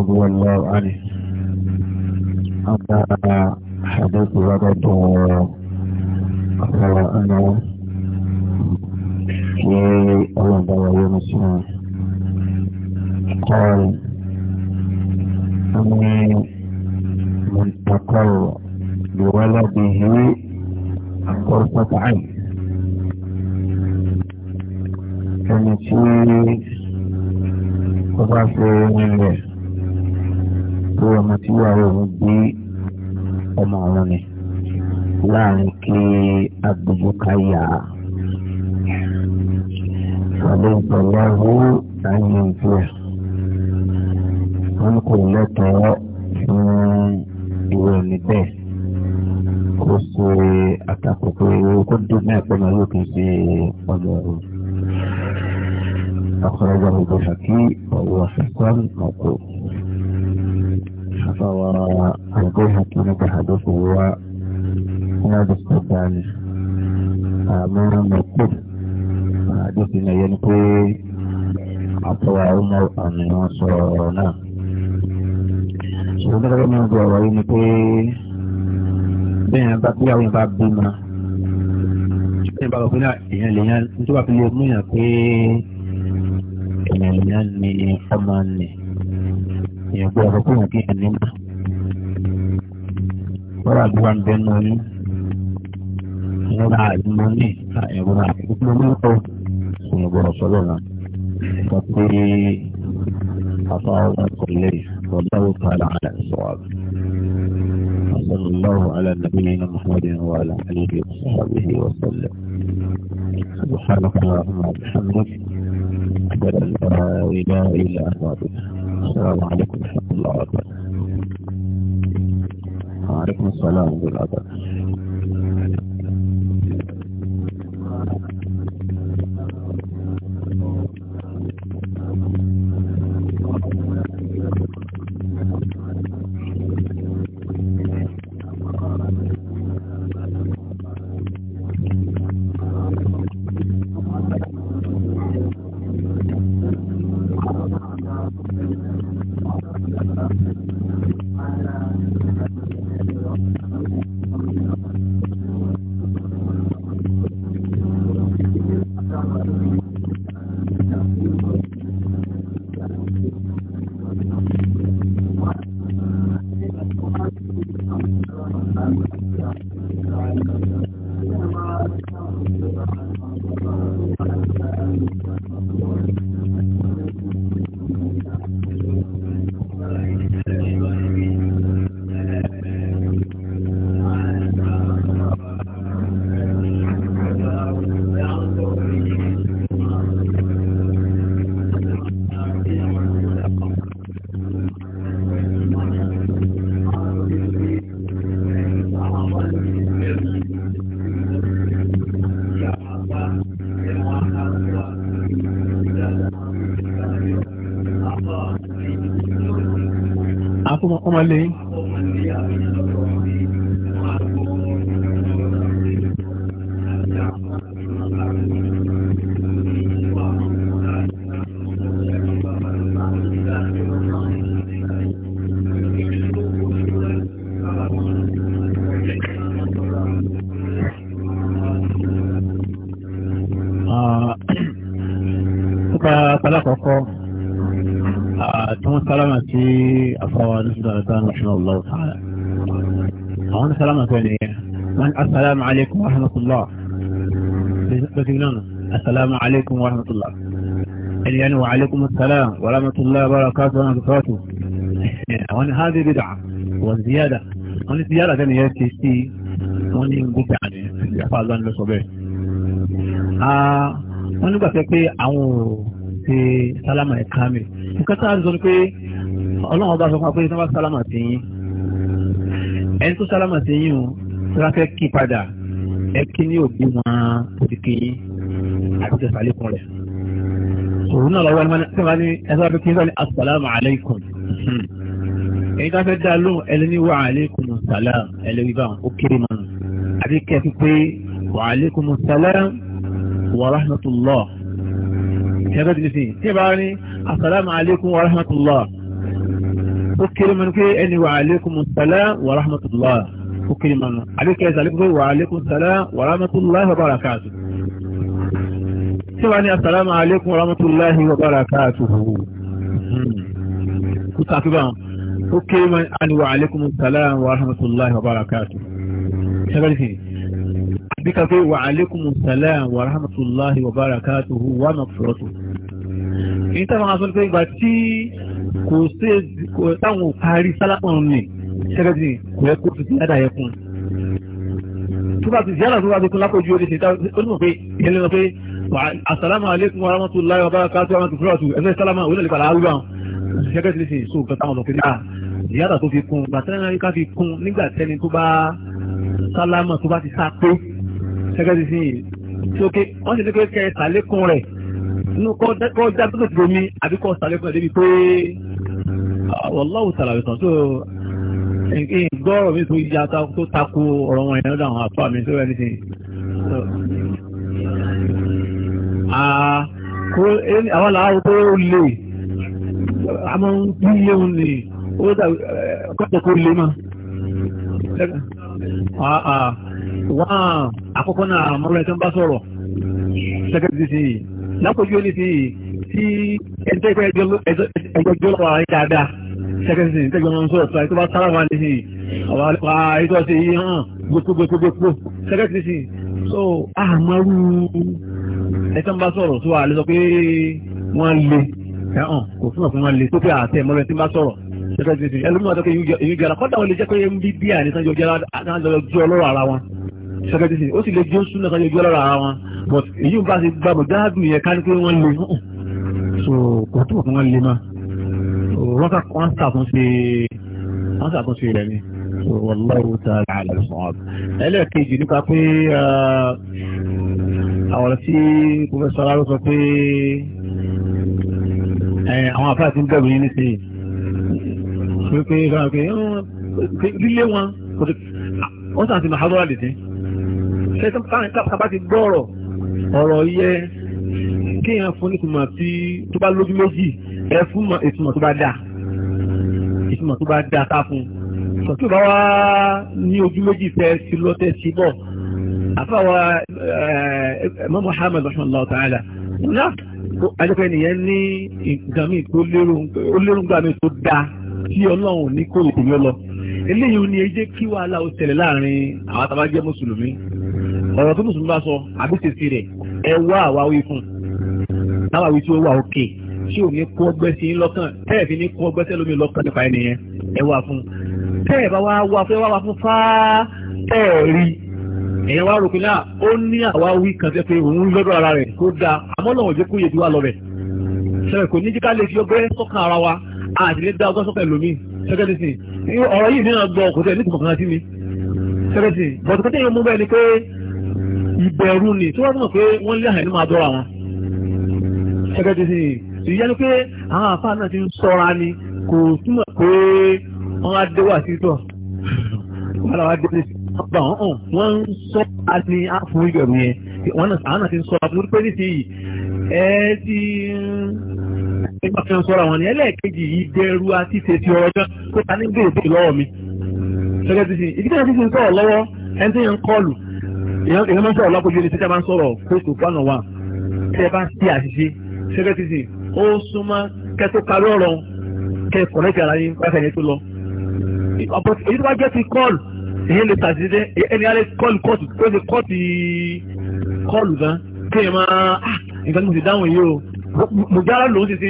رضي الله عنه أما حديث ولد أنا في أولاد يوم السنة قال أني منتقل بولده غرفة عين ẹni tí ó bá fi orin rẹ̀ pé ọmọ tí ìyàwó òun gbé ọmọ òun ni láàrin kí agbèjúká yà á. Ìpàdé ìpàdé ọ̀hún láyé ìfẹ́. Wọ́n kò lẹ́tọ̀ọ́ fún ìwé òní bẹ́ẹ̀. Kó ṣe àtakò pé kó dún náà pẹ̀lú ayé kìí ṣe ọ̀dọ̀ ọ̀hún. أخرجه البيهقي وهو حسن موقوف àfàwà àgbéhàkì níbi àdókò wá níwájú pẹ̀lú àmọ́ràn mẹ́kù àdókò náà yẹn pé àfàwà ọmọ àmì wọn sọ ọ̀rọ̀ náà. ṣùgbọ́n dáadáa máa ń gbọ́ ọ̀rọ̀ yìí ni pé bẹ́ẹ̀ bá pé àwọn ìbá bímọ bá wọ pé náà èèyàn lè yan tó bá fi lè mú yàn pé èèyàn lè yan ni ọmọ nì èèyàn gbọ́dọ̀ fún yàn kí èèyàn kọ́ra bí wọ́n bẹ́ẹ̀ náà ní ìrora àìmọ́ ní ìrora àìmọ́ ní ọ̀pọ̀ ìgbọ̀rọ̀ sọ́lọ̀ náà sọ pé àfa ọ̀gá kò lè والله تعالى على الصواب صلى الله على نبينا محمد وعلى اله وصحبه وسلم سبحانك اللهم وبحمدك اشهد ان لا اله الا انت السلام عليكم ورحمه الله وبركاته Àwọn arékùn sọ́lá àwọn أفوى نصدر رحمه الله تعالى أنا سلام عليكم إيه؟ السلام عليكم ورحمة الله السلام عليكم ورحمة الله يعني وعليكم السلام ورحمة الله وبركاته وبركاته وانا هذه بدعة والزيادة وانا زيادة كان يأتي سي وانا ينقل يعني يفعل ذلك صبيح وانا بقى إيه؟ في àwọn ṣe وكتا ẹ̀kámi nǹkan ọlọ́run bá sọ fún apẹ́yẹ tó bá sálámà sí yín ẹni tó sálámà sí yín o tó bá fẹ́ kí padà ẹ kí ní òbí wọn òdìkì yín àti tó sàlékún rẹ̀ òun náà lọ́wọ́ ẹni máa ní ẹni tó bá fẹ́ kí ní sọ́ni asalaamu alaykum èyí tó fẹ́ dá lóhùn ẹni ní wa alaykum salaam ẹlẹ́wí ó kéré mọ́ àbí kẹ́kí pé wa alaykum salaam wa rahmatulah ṣẹ́gbẹ́ tí ní sìn tí ẹ bá rí asalaamu alaykum wa rahmatulah. فكر من في اني وعليكم السلام ورحمة الله فكر من عليك يا زلك وعليكم السلام ورحمة الله وبركاته سواني السلام عليكم ورحمة الله وبركاته كتاكبا فكر من اني وعليكم السلام ورحمة الله وبركاته شغل فيه بك في وعليكم السلام ورحمة الله وبركاته ومغفرته انت ما اصلك باتي kò sí kò táwọn ò parí sálámọ̀ nì gẹ́gẹ́ bí kò yẹ kó fi ti yàrá yẹn kún. tó bá ti yàrá tó bá ti kún lápòjú orí ṣètà onímọ̀ pé ìyẹn lè lọ pé asalaamu aleykum wa rahmatulahi wa barakatu wa rahmatulahi wa ẹgbẹ́ sálámà olè nípa làárú àwọn gẹ́gẹ́ ti ṣe èso nǹkan táwọn lọ pé nípa ah, ìyàrá tó fi kún gbàtẹ́ni ká fi kún nígbà tẹ́ni tó bá sálámà tó bá ti sá pé gẹ́gẹ́ ti ṣe sókè wọ́n ti ní pé kẹ́ ẹ̀ sàlékún rẹ̀ inú kọ́ já tó tó mi àbí kọ́ sàlẹ̀ fún ẹ̀ débi pé ah, wàláwù sàlàyé tán tó gbọ́ ọ̀rọ̀ mi tó ya tó takò ọ̀rọ̀ wọn yẹn lọ́dọ̀ àwọn àpá mi tó rẹ̀ ní sìn. àwọn làwọn tó lè a máa ń bí léwu ni ó dà kọ́tọ̀ kó lè mọ́. wọ́n àkọ́kọ́ náà mọ́rẹ́ tó ń bá sọ̀rọ̀ sẹ́kẹ́tì sí yìí lápòjú ó ní sí tí ẹ̀ńtẹ́ ìpẹ́ ẹjọ́ jọ́ lọ́wọ́ àárín dáadáa sẹ́kẹ́sì tẹ́jọ́ wọn sọ̀rọ̀ sọ àìtó bá sára wa ní sí àwọn àlùkò àìtó ṣe yí hàn gbogbogbogbogbò sẹ́kẹ́sì sí so àmọ́rú ẹ̀tọ́ ń bá sọ̀rọ̀ tó wà lè sọ pé wọ́n le ẹ̀hàn kò fún ọ̀fun wọn le tó pé àtẹ mọ́lẹ́ tí ń bá sọ̀rọ̀ sẹ́kẹ́sì sí ẹlòmíràn tó pé ìyú jẹ́ra kọ́dà wọn lè jẹ́ pé ń bí sẹ́kẹ́tìsì ó sì lè jẹ́ oṣù náà kájọ lára wọn but èyí ń bá ṣe gba mọ̀dáàdùn yẹn ká ní pé wọ́n lè hàn so kò tó fún wọn lè má wọ́n ṣàkóso wọ́n ṣàkóso rẹ̀ ni so wallahu ta'ala a'lam ẹlẹ́ẹ̀kejì nípa pé àwọn tí professor aró sọ pé àwọn àfáà ti ń bẹ̀rù yín nísìnyí pé pé lílé wọn wọ́n sàn ti máa hábọ́rà lè dín tẹ́tàbá ti gbọ́rọ̀ ọ̀rọ̀ yẹ kí èèyàn fún ìtumọ̀ tí tó bá lójú méjì ẹ fún ìtumọ̀ tó bá dáa ìtumọ̀ tó bá dáa ká fún sọ tí ò bá wá ní ojú méjì tẹ ti lọ tẹ ti bọ̀ àfàwà ẹ̀mọ́ Muhammad rahmanallah ta'ala náà ajẹ́pẹ́ nìyẹn ní nǹkan míì tó lérò ńgbà míì tó dáa tí ọlọ́run ní kó ìtòmí lọ eléyìí ni ẹ jẹ́ kí wàhálà ó ṣẹlẹ̀ láàrin àwọn àtàwọn jẹ́ mùsùlùmí ọ̀rọ̀ tó mùsùlùmí bá sọ àgbésèsì rẹ̀ ẹ wá àwáwí fún láwàwí tí ó wà òkè tí ò ní kó ọgbẹ́ sí lọ́kàn tẹ́ẹ̀ fi ní kó ọgbẹ́ sí lómi lọ́kàn nípa ẹnìyẹn ẹ wá fún tẹ́ẹ̀ bá wá wá fẹ́ wá wá fún fáá tẹ́ẹ̀ rí ẹ̀yẹn wá rògbìn náà ó ní àwáwí kan tẹ́ pé òun lọ́dọ̀ ara rẹ̀ kó dáa àmọ́ lọ́wọ́ jẹ́ yẹ ju wá lọ kò ní jíká lè fi ọgbẹ́ sọ́kàn ara wa àti lè dá ọgbẹ́ sọ́kàn ẹlòmíì sẹ́kẹ́tìsì ọ̀rọ̀ yìí nínú ọgbọ́ kò tẹ̀ ní kọ̀ọ̀kan sí mi sẹ́kẹ́tìsì bọ̀dùkọ́tẹ̀ yẹn mú bẹ́ẹ̀ ni pé ìbẹ̀rù ni tí wọ́n mọ̀ pé wọ́n lé àìní máa dọ́ra wọn. ẹgbẹ́ ti sìn sì yẹnu pé àwọn àfáà náà ti ń sọ́ra ni kò túmọ̀ pé wọ́n á dé wà sí tọ̀ wọ́n á dé ní ọgbà ọ̀hún wọ́n ń sọ́ra ni á fún ìbẹ̀rù yẹn wọ́n náà ti ń sọ́ra tó pé ní ti ẹ ti nígbà tí wọ́n sọ́ra wọn ni ẹlẹ́ẹ̀kejì ìbẹ̀rù àti tètè ọ̀rọ̀ jọ pé ta ní gbèrè lọ́wọ́ mi. ẹgbẹ́ ti sìn ìdíkẹ́ èèyàn máa ń sọ̀rọ̀ lápòjú ẹni tí tẹ́ bá ń sọ̀rọ̀ kóòtù pánà wa tẹ́ bá ti àṣìṣe ṣẹ́gẹ́tìsì ó súnmọ́ kẹ́ tó parí ọ̀rọ̀ kẹ́ kọ̀nẹ́tì ara yín pàṣẹ yẹn tó lọ. èyí tó bá jẹ́ ti kọ́ọ̀lù èyí lè ṣàṣìṣe ẹni alẹ́ kọ́ọ̀lù kọ́ọ̀tù tó ṣe kọ́ọ̀tì kọ́ọ̀lù gan kí ẹ máa ah, nǹkan mo ti dáhùn yìí o mo jára lòún ti ṣe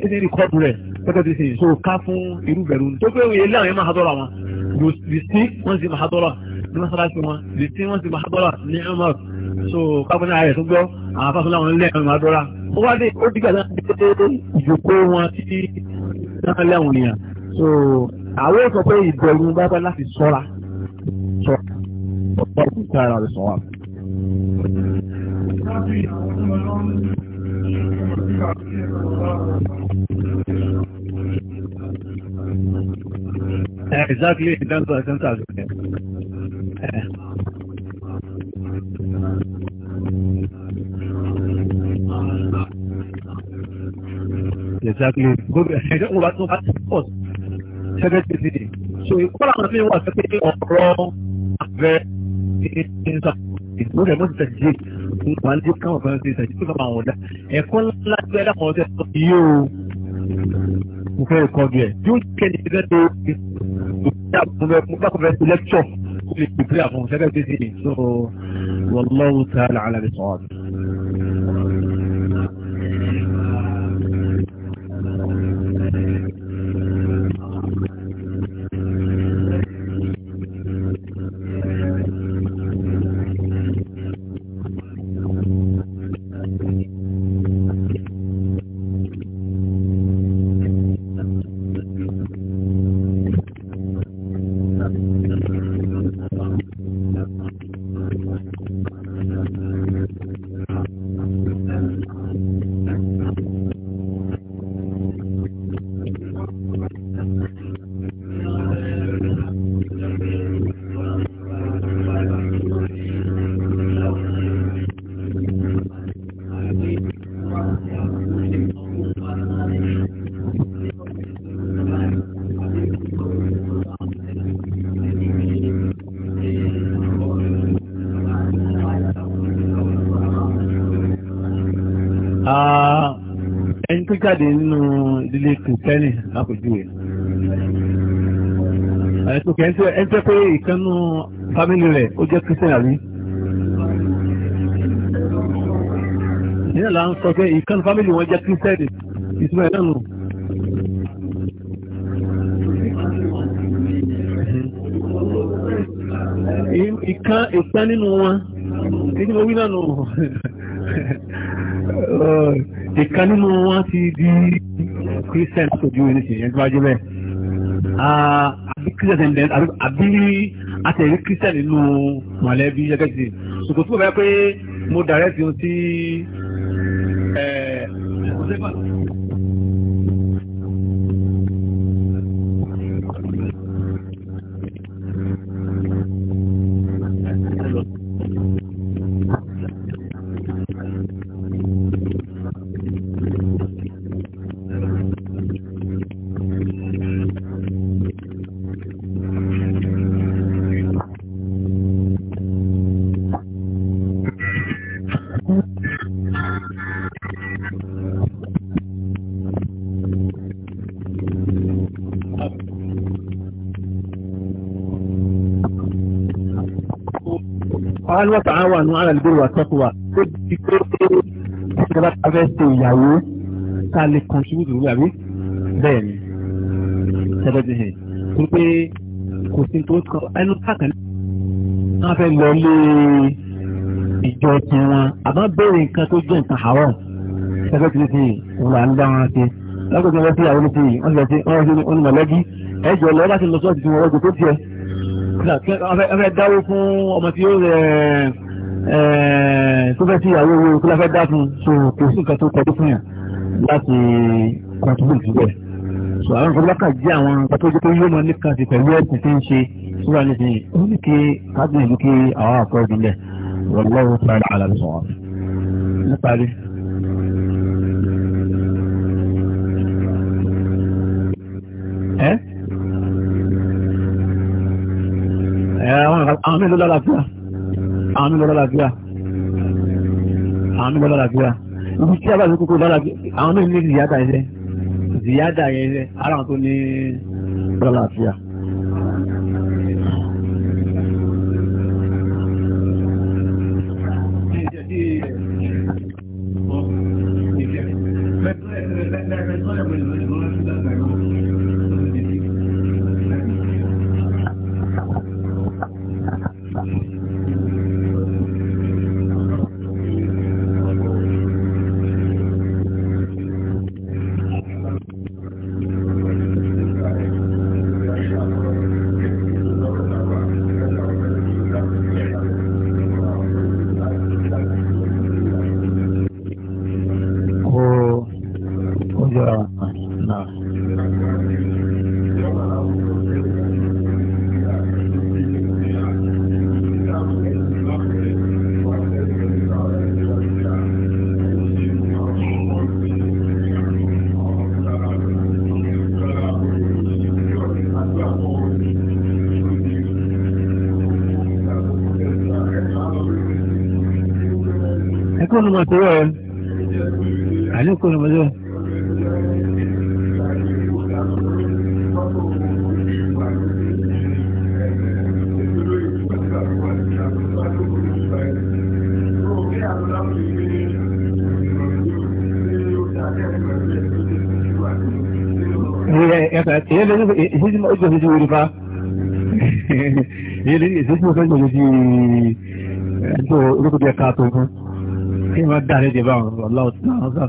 ṣe rìkọ́ọ̀dù rẹ̀ pẹ́tẹ́tì ṣe ìṣòro ká fún irúfẹ́ lónìí tó pé òye lé àwọn yẹn máa ha dọ́ra wọn yóò sì wọ́n sì máa ha dọ́ra mọ́sálásí wọn lè mm. tí wọ́n ti mahabara ní umar mm. so kápẹ́ni ààrẹ tó gbọ́ àwọn afáfún láwọn lẹ́ ẹ̀rùn àdúrà ó wá dé ó dìgbà náà dé ìjòkó wọn tí náà lẹ́wọ̀n nìyàn so àwọn sọ pé ìbẹ̀rù bá láti sọ́ra sọ ọ̀pọ̀ ìta ara rẹ̀ sọ wà. Exactly, that's what I'm talking about exactly gbogbo ẹ̀sìn ìjọba wa tó bá ti pọ̀ ṣẹ́gẹ́ ti ti so ìkọ́lá àwọn tí wọ́n ti pé ọ̀rọ̀ àgbẹ̀ ìṣàkóso ìgbóhùn ẹ̀mọ́ ti tẹ̀sí ní ìpàdé káwọn kan ti tẹ̀sí fún àwọn ọ̀dà ẹ̀kọ́ ńlá gbé ẹ̀dá kan tẹ̀ sọ yìí o mo fẹ́ kọ́ ju ẹ̀ yóò kẹ́ni ti fẹ́ tó ìgbà mo fẹ́ fẹ́ lẹ́kṣọ̀ lè gbé àfọ̀n sẹ́kẹ̀ tètè so wallahu ta'ala ala bis-sawab. jáde nínú ìdílé kìrìtẹ́nì lápòjúwe ẹ̀ẹ́dẹ́gbẹ̀ ẹ̀ ń jẹ́ pé ìkànnú fámìlì rẹ̀ ó jẹ́ kìrìtẹ́nì àbí. ìyẹn là ń sọ pé ìkànnú fámìlì wọn jẹ́ kìrìtẹ́nì ìtumọ̀ ẹ̀ náà nù. ìkan ìkan nínú wọn kí ni mo wí náà nù. ìkan nínú wọn ti di christian tó di orin ìṣẹ̀yẹn tó wájú bẹ́ẹ̀ àbí christian tẹ̀ àbí àtẹ̀rí christian nínú mọ̀lẹ́bí gẹ́gẹ́ sí ṣùgbọ́n tí mo bá yẹ pé mo dàrẹ́ ti hàn sí ẹ̀ẹ́dẹ́gbà. ọ̀hán wọ́n tàn án wà ní alàlùbẹ̀rù àtọ́kùwà tó di pé ìjọba ta fẹ́ ṣe ìyàwó ta lè contribute lórí àbí bẹ́ẹ̀ ni ṣẹlẹ́dì hẹ̀ tó pé kò sí tó kọ ẹnu káàkiri wọ́n fẹ́ lọ lé ìjọ ti wọn àmọ́ bẹ́ẹ̀rẹ̀ nǹkan tó jẹ́ nǹkan àárọ̀ ṣẹlẹ́dì ti wọ́n là ń dá wọn ṣe lọ́gbẹ̀dẹ̀ wọ́n sí àwọn oníṣẹ́ yìí wọ́n lọ sí ọ̀rọ̀ sí onímọ̀lẹ́bí ẹ̀jọ̀ lọ́ọ́ bá ti lọ sọ́ọ̀tì tí wọ́n wọ́n a ọfẹ́ dáwó fún ọmọ tí ó tó fẹ́ sí ìyàwó owó kí láfẹ́ dá fún so kò sí nǹkan tó kọjú fún yàn láti contribute síbẹ̀ so àwọn nǹkan lọ́kà jẹ́ àwọn nǹkan tó jẹ́ pé yóò mọ nìkan ti pẹ̀lú ẹ̀sìn tí ń ṣe síra ní sìn ó ní kí kábíyèsí kí àwọn àkọ́ ìbílẹ̀ wọ́n lọ́wọ́ tí wọ́n á lọ́ àwọn mélòó lálàáfíà àwọn mélòó lálàáfíà àwọn mélòó lálàáfíà ibi tí a bá fi kókó lálàáfíà àwọn mélòó ní ziyada yẹn ziyada yẹn ara àwọn tó ní lálàáfíà. ni mo ti wọ̀ ẹ́ àlékò ni mo ti wọ̀. yẹn lórí ìṣẹ́jú ojú ojú orí fa yẹn lórí ìṣẹ́jú ojú ojú orí ẹjọ́ olókùnrin ẹ̀ka tó fún kí wọ́n dáre dé báwọn ọlọ́wọ́ tí wọ́n sọ.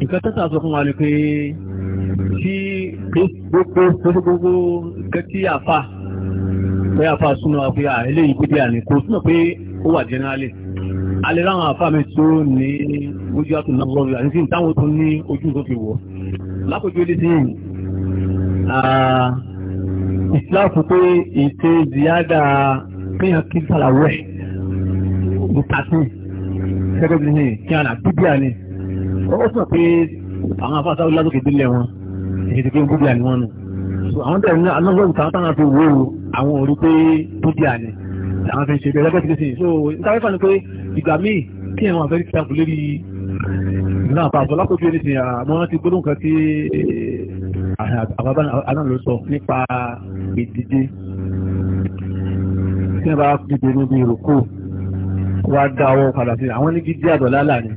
nǹkan tó sàṣọ fún wa ni pé tí gbogbo gbogbo kẹtí àfà pé àfà súnmọ́ wa pé à eléyìí gbé díà ní kò túnmọ̀ pé ó wà jẹ́nẹ́rálì alẹ́ láwọn àfà mi tó ní ojú àtún náà lọ́rùn àti ní táwọn tó ní ojú tó fi wọ̀ lápòjú ilé sí islam pé ìṣe ziyada kéèyàn kí sàlàwẹ̀ ní tàtí gẹ́gẹ́ bí ní kí àná bíbí àní ó sàn pé àwọn afáàsá orí lásòkè délẹ̀ wọn èyí pé búdíà ni wọ́n nù so àwọn tẹ̀lé ní anọ́gbọ̀n kan táwọn fi wó àwọn òrí pé búdíà ni àwọn fi ń ṣe bẹ́ẹ̀ lọ́gbẹ́ ti sìn so nítorí fà ni pé ìgbà míì kí àwọn àfẹ́ kíkà fún lérí ìlú àpá àfọlá kò fi ẹni sìn àwọn ti gbólóhùn kan tí àbábá náà ló sọ nípa ìdíje tí wọ́n bá dìde níbi ìrókò wá dá ọwọ́ padà sí àwọn ní gidi àdọ̀lá láàrin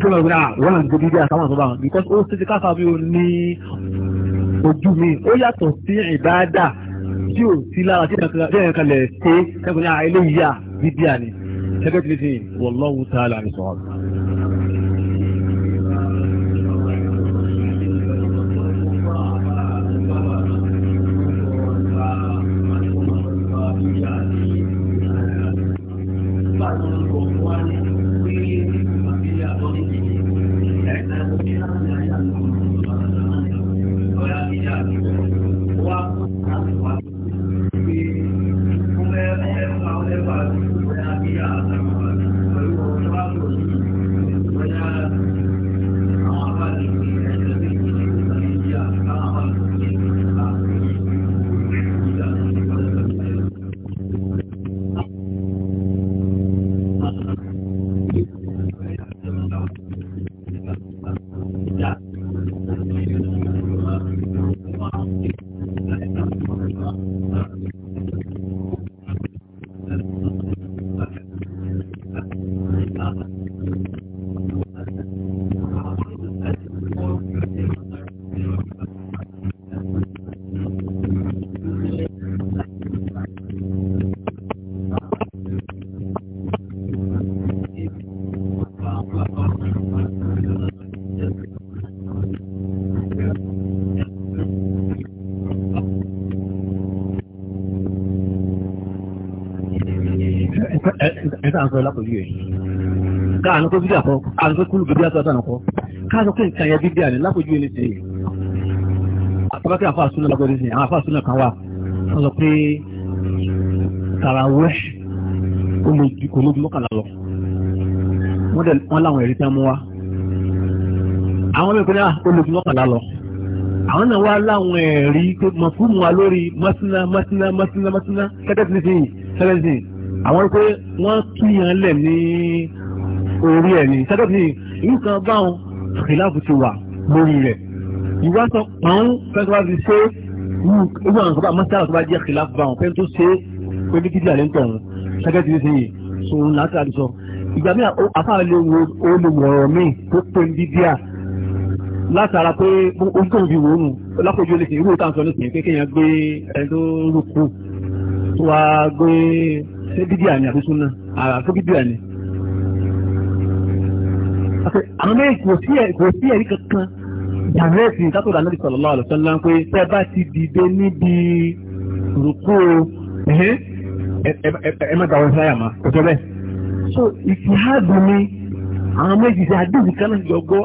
tó lọ gbé àwọn ah, àǹtí dídí àtàwọn àtọ́bà wọn because ó ti ti káfà bí ó ní ojú mi ó yàtọ̀ sí ìbáadà tí ò sí lára tí ẹ̀yàn kan lẹ̀ ṣe ẹ̀kọ́ ní ah, eléyìí à dídí à ni ẹgbẹ́ tí ní sìn sọ lápòjú ẹ̀ káàánú kó bídíà kọ káàánú kó kúrú bídíà tó àtànà kọ káàánú kó nǹkan yẹn bídíà ní lápòjú ẹ̀ nìṣe àtàbákẹ́ àfa àsúná lágbọ́dé sí àwọn àfa àsúná kan wà wọ́n sọ pé tarawẹ́ kò lójú mọ́kànlá lọ wọ́n láwọn ẹ̀rí tán mú wa àwọn mẹ́kúnlá ah, kò lójú mọ́kànlá lọ àwọn náà wá láwọn ẹ̀rí tó mọ̀ fún wa lórí mọ́síná mọ́síná mọ́síná mọ́síná kẹ́tẹ́tì àwọn pé wọ́n kíyàn lẹ̀ ní orí ẹ̀ ní sẹ́dọ̀ ní nǹkan báwọn ìlàbù ti wà lórí rẹ̀ ìwà sọ pàún fẹ́ntọ́wá fi ṣe irú àwọn kọ́bà mọ́sára tó bá jẹ́ ìlàbù báwọn fẹ́ntọ́ ṣe pé bí kíkí àlẹ́ntọ̀ ọ̀hún sẹ́kẹ́ ti ṣe yìí so òun láti àdìsọ ìgbà míì afáà lè wo olùwọ̀rọ̀ míì tó pé ń bíbíà látara pé ojú tó fi wò ṣé bíbí àní àti súnà àrà fún bíbí àní. àwọn méjì kò sí ẹ̀rí kankan dàrẹ́ẹ̀tì látọ̀dọ̀ anábì sallallahu alaihi wasallam pé tẹ́ bá ti dìde níbi rúkú ẹ má gbà wọn sáyà má kò bẹ́ẹ̀. so ìfihàdùn ni àwọn méjì ṣe àdéhùn kan náà jọgbọ́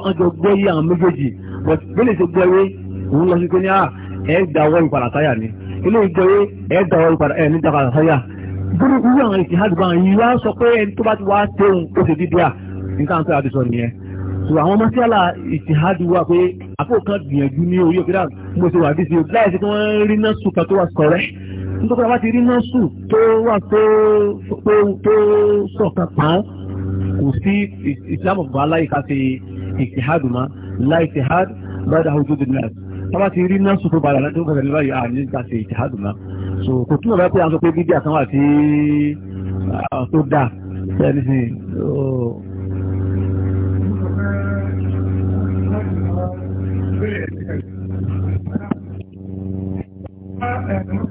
gbúrú irú àwọn ìtìhádì bá yìí wá sọ pé ẹni tó bá ti wá tóun ó ṣe dídíà nǹkan tó àdìsọ nìyẹn so àwọn mọ́sálà ìtìhádì wà pé àpò kan gbìyànjú ní orí òkèdà mo ṣe wà bí ṣe láì ṣe kí wọ́n rí náà sùn kan tó wà sọ̀rẹ́ nítorí àbá ti rí náà sùn tó wà tó sọ̀kan pàán kò sí ìsìlámù bá láì ká ṣe ìtìhádì mọ́ láì ìtìhádì bá dáhùn tó dé náà tábà ti rí náà sùn tó bá so kò túnbọ̀ bá pé àwọn sọ pé bíbí àtàwọn àti àwọn tó dà sẹ́ni sí i.